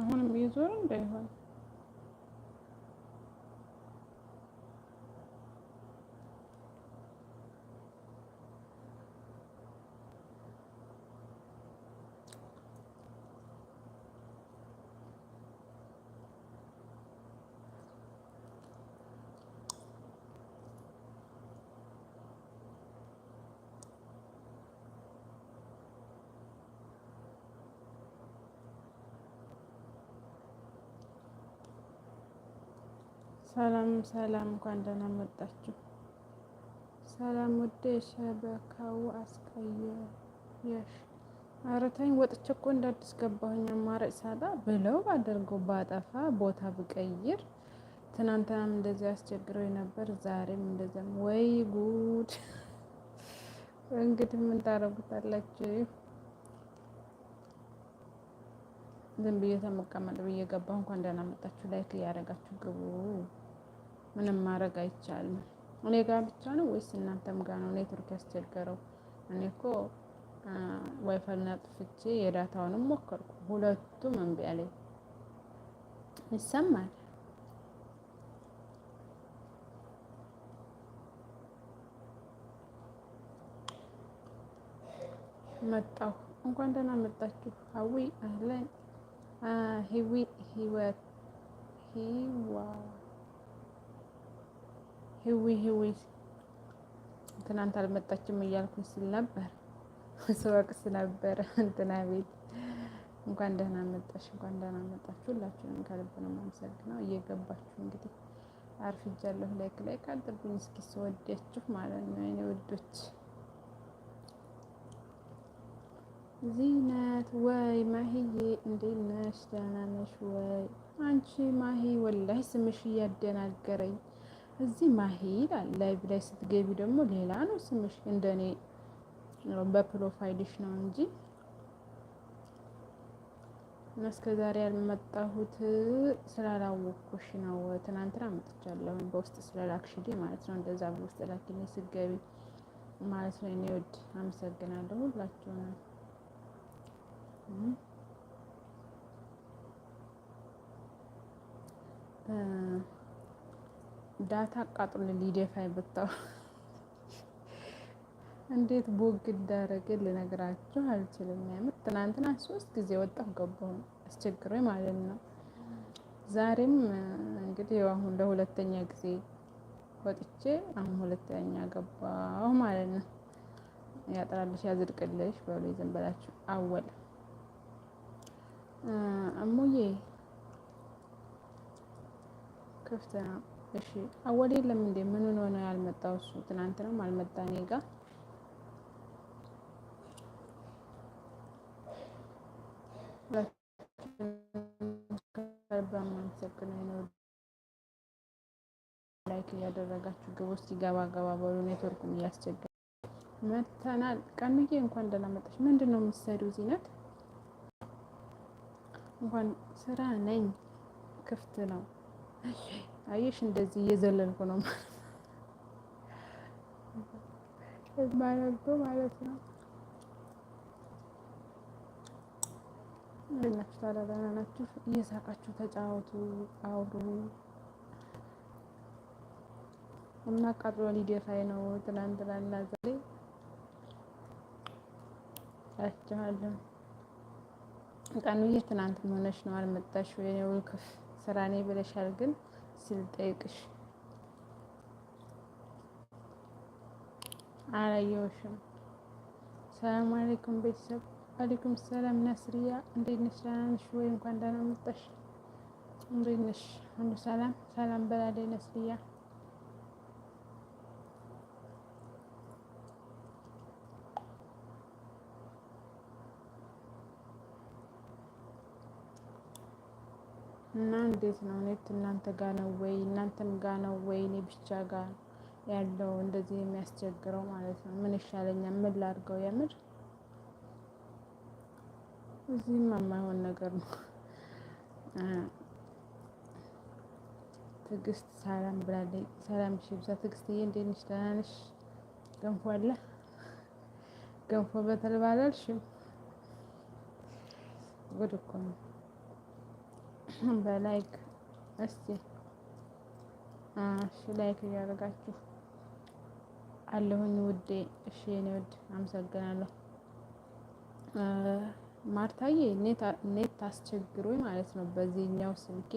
አሁንም እየዞረ እንዳይሆን ሰላም ሰላም፣ እንኳን ደህና መጣችሁ። ሰላም ውድ የሸበካው አስቀየሽ አረታኝ ወጥቼ እኮ እንደ አዲስ ገባሁኝ። አማራጭ ሳጣ ብለው አደርገው ባጠፋ ቦታ ብቀይር ትናንትናም እንደዚህ አስቸግረው ነበር። ዛሬም እንደዚያም። ወይ ጉድ! እንግዲህ ምን ታደርጉታላችሁ? ዝም ብዬ ተመቀመጥ ብዬ ገባሁ። እንኳን ደህና መጣችሁ። ላይክ እያደረጋችሁ ግቡ። ምንም ማድረግ አይቻልም። እኔ ጋር ብቻ ነው ወይስ እናንተም ጋር ነው ኔትወርክ ያስቸገረው? እኔ እኮ ዋይፋይ አጥፍቼ የዳታውንም ሞከርኩ፣ ሁለቱም እምቢ አለኝ። ይሰማል መጣሁ። እንኳን ደህና መጣችሁ። አዊ አለን ሂዊ ህይወት ህዊ ህዊ ትናንት አልመጣችም እያልኩኝ ስል ነበር ስወቅስ ነበር። እንትና ቤት እንኳን ደህና መጣሽ፣ እንኳን ደህና መጣችሁ። ሁላችሁንም ከልብ ነው የማመሰግነው። እየገባችሁ እንግዲህ አርፍጃለሁ። ላይክ ላይክ አድርጉኝ እስኪ ስወዳችሁ ማለት ነው የኔ ውዶች። ዚነት ወይ ማሂዬ፣ እንዴት ነሽ? ደህና ነሽ ወይ? አንቺ ማሂ፣ ወላሂ ስምሽ እያደናገረኝ እዚህ ማሂ ይላል። ላይቭ ላይ ስትገቢ ደግሞ ሌላ ነው ስምሽ። እንደኔ በፕሮፋይልሽ ነው እንጂ እስከ ዛሬ ያልመጣሁት ስላላወቅኩሽ ነው። ትናንትና መጥቻለሁ በውስጥ ስለላክሽልኝ ማለት ነው። እንደዛ በውስጥ ላኪልኝ ስገቢ ማለት ነው። እኔ ወድ አመሰግናለሁ ሁላችሁ ነው። ዳታ አቃጥሎ ሊደፋ ብታው እንዴት ቦግ እንዳረገ ልነግራችሁ አልችልም። ያምር ትናንትና ሶስት ጊዜ ወጣሁ ገባሁ አስቸግሮኝ ማለት ነው። ዛሬም እንግዲህ አሁን ለሁለተኛ ጊዜ ወጥቼ አሁን ሁለተኛ ገባሁ ማለት ነው። ያጠራልሽ ያዝድቅልሽ በሉ ይዘንበላችሁ። አወል እሙዬ ክፍት ነው እሺ አወል የለም እንዴ? ምን ሆነ ያልመጣው? እሱ ነው አልመጣ እኔ ጋ ላይክ እያደረጋችሁ ግብ ውስጥ ይገባ ገባ በሉ። ኔትወርኩም እያስቸገረ መተናል። ቀንዬ እንኳን ደህና መጣሽ። ምንድን ነው የምትሰሪው? ዚነት እንኳን ስራ ነኝ ክፍት ነው። አየሽ፣ እንደዚህ እየዘለልኩ ነው የማነበው ማለት ነው። እንደናችሁ ታዲያ ደህና ናችሁ? እየሳቃችሁ ተጫወቱ፣ አውሩ እና ቃጥሎ ሊደፋይ ነው። ትናንትናና ዛሬ አያችኋለሁ። ቀኑዬ ትናንት መሆነች ነው አልመጣሽ ወይ? ውልክፍ ስራ ነኝ ብለሻል ግን ሲል ጠይቅሽ አላየሁሽም። ሰላም አለይኩም ቤተሰብ። አለይኩም ሰላም ናስሪያ፣ እንዴት ነሽ? ደህና ነሽ ወይ? እንኳን ደህና መጣሽ። እንዴት ነሽ? ሁሉ ሰላም ሰላም በላለች ነስሪያ እና እንዴት ነው ኔት እናንተ ጋ ነው ወይ እናንተም ጋ ነው ወይ እኔ ብቻ ጋ ያለው እንደዚህ የሚያስቸግረው ማለት ነው። ምን ይሻለኛል? ምን ላድርገው? የምር እዚህም የማይሆን ነገር ነው። ትዕግስት ሰላም ብላለች። ሰላም ሺ ብዛ ትዕግስትዬ፣ እንዴት ነሽ? ደህና ነሽ? ገንፎ አለ ገንፎ በተልባ ጉድ እኮ ነው። በላይክ እስቲ እሺ ላይክ እያደረጋችሁ አለሁኝ ውዴ። እሺ የኔ ውድ አመሰግናለሁ። ማርታዬ ኔት ታስቸግሩኝ ማለት ነው በዚህኛው ስልኬ።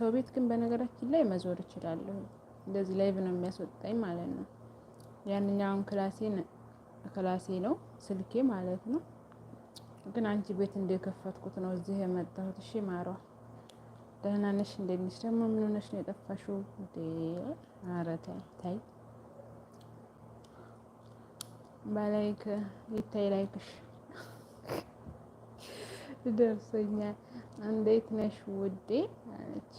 ሰው ቤት ግን በነገራችን ላይ መዞር እችላለሁ። እንደዚህ ላይቭ ነው የሚያስወጣኝ ማለት ነው። ያንኛውን ክላሴን ክላሴ ነው ስልኬ ማለት ነው። ግን አንቺ ቤት እንደከፈትኩት ነው እዚህ የመጣሁት። እሺ ማሯ ደህና ነሽ? እንዴት ነሽ? ደግሞ ምን ሆነሽ ነው የጠፋሽው? ኧረ ተይ ተይ በላይክ ይታይ ላይክሽ ደርሶኛል። እንዴት ነሽ ውዴ አለች።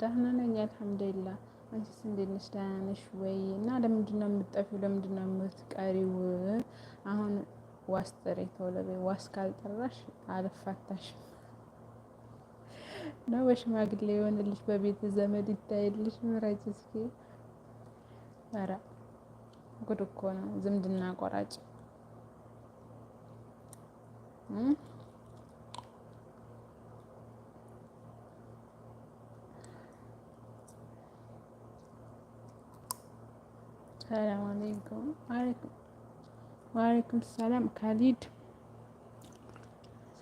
ደህና ነኝ አልሐምዱሊላህ። አንቺስ እንዴት ነሽ? ደህና ነሽ ወይ? እና ለምንድን ነው የምትጠፊው? ለምንድን ነው የምትቀሪው? አሁን ዋስ ጥሪ ተወለበ። ዋስ ካልጠራሽ አልፋታሽም እና በሽማግሌ የሆንልሽ በቤት ዘመድ ይታይልሽ። ምረጭ እስኪ። ኧረ ጉድ እኮ ነው ዝምድና ቆራጭ። ሰላም አለይኩም። ዋለይኩም ሰላም ካሊድ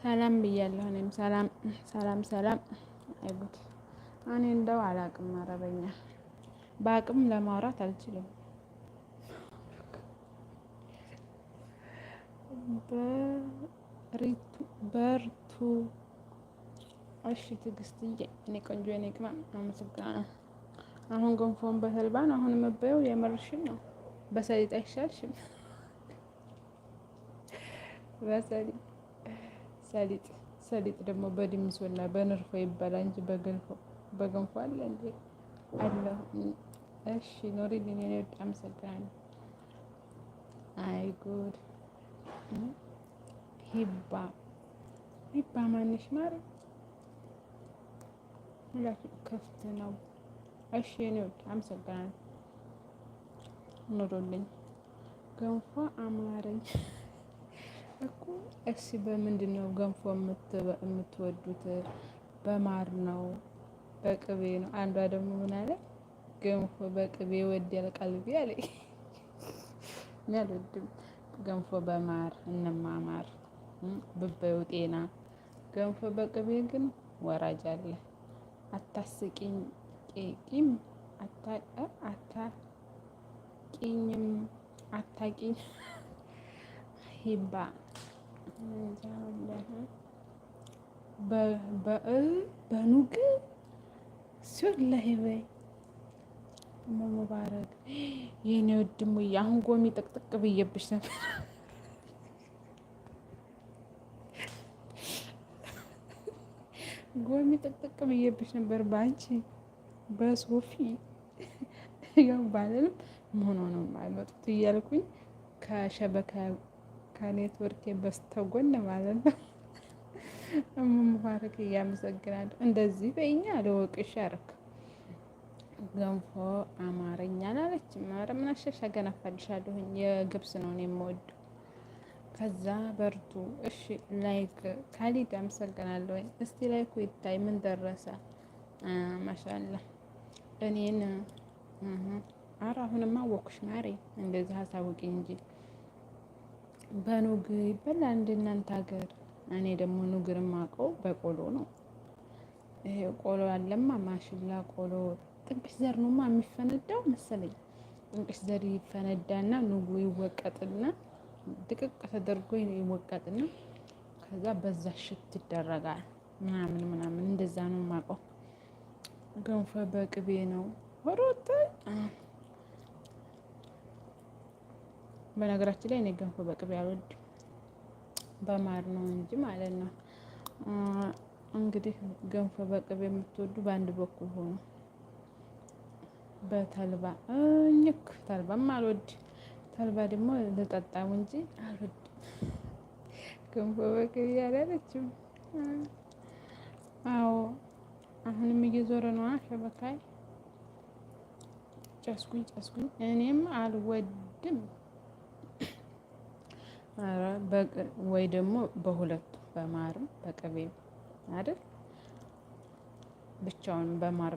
ሰላም ብያለሁ። እኔም ሰላም ሰላም ሰላም። አይጉድ እኔ እንደው አላቅም አረበኛ በአቅም ለማውራት አልችልም። በርቱ እሺ፣ ትዕግስትዬ እኔ ቆንጆ እኔ ቅመም አመሰግናለሁ። አሁን ገንፎን በተልባ አሁን የምበየው። የምርሽን ነው በሰሊጥ አይሻልሽም? በሰሊጥ ሰሊጥ ሰሊጥ ደግሞ እና በንርፎ ይባላል እንጂ በገንፎ አለ እንዴ? አለ። እሺ ኖሪልኝ፣ እኔ በጣም አይ ጉድ! ሂባ ሂባ ማንሽ ማር ሁላችሁ ክፍት ነው። እሺ እኔ በጣም አመሰግናለሁ። ኑሮልኝ። ገንፎ አማረኝ። እኮ እሺ፣ በምንድን ነው ገንፎ የምትወዱት? በማር ነው በቅቤ ነው? አንዷ ደግሞ ምን አለ? ገንፎ በቅቤ ወደል ቀልቢ አለ። እኔ አልወድም ገንፎ በማር እንማማር ብበዩ ጤና። ገንፎ በቅቤ ግን ወራጅ አለ። አታስቂኝ ቄቂም አታቂኝም አታቂኝ ሂባ በኑግ ሱላሂ በይ ሙባረክ የኔ ወድሙ አሁን ጎሚ ጥቅጥቅ ብዬብሽ ነበር። ጎሚ ጥቅጥቅ ብዬብሽ ነበር በአንቺ በሶፊ ያው ባለልም መሆኗ ነው የማይመጡት እያልኩኝ ከሸበካ ከኔትወርክ በስተጎን ማለት ነው። ሙባረክ እያመሰግናለሁ። እንደዚህ በእኛ ለወቅሽ ያረክ ገንፎ አማረኛ ላለች ማረ ምን አሸሻ ገና አፋልሻለሁኝ። የገብስ ነው የምወዱ። ከዛ በርቱ እሺ። ላይክ ካሊድ አመሰግናለሁኝ። እስቲ ላይኩ ይታይ ምን ደረሰ? ማሻላ እኔን ኧረ አሁንማ አወኩሽ ማሬ። እንደዚህ አሳውቂ እንጂ በኑግ ይበላል እንደ እናንተ ሀገር። እኔ ደግሞ ኑግር ማቀው በቆሎ ነው። ይሄ ቆሎ ያለማ ማሽላ ቆሎ ጥንቅሽ ዘር ነውማ የሚፈነዳው መሰለኝ። ጥንቅሽ ዘር ይፈነዳና ኑጉ ይወቀጥና ድቅቅ ተደርጎ ይወቀጥና ከዛ በዛ ሽት ይደረጋል ምናምን ምናምን እንደዛ ነው ማቀው። ገንፎ በቅቤ ነው ሮጥ በነገራችን ላይ እኔ ገንፎ በቅቤ አልወድም በማር ነው እንጂ ማለት ነው። እንግዲህ ገንፎ በቅቤ የምትወዱ በአንድ በኩል ሆኖ በተልባ እኝክ ተልባም አልወድ ተልባ ደግሞ ልጠጣም እንጂ አልወድም። ገንፎ በቅቤ አላለችም። አዎ አሁንም እየዞረ ነው ሸበካይ ጨስኩኝ ጨስኩኝ። እኔም አልወድም። ወይ ደግሞ በሁለቱ በማርም በቅቤ አይደል ብቻውን በማር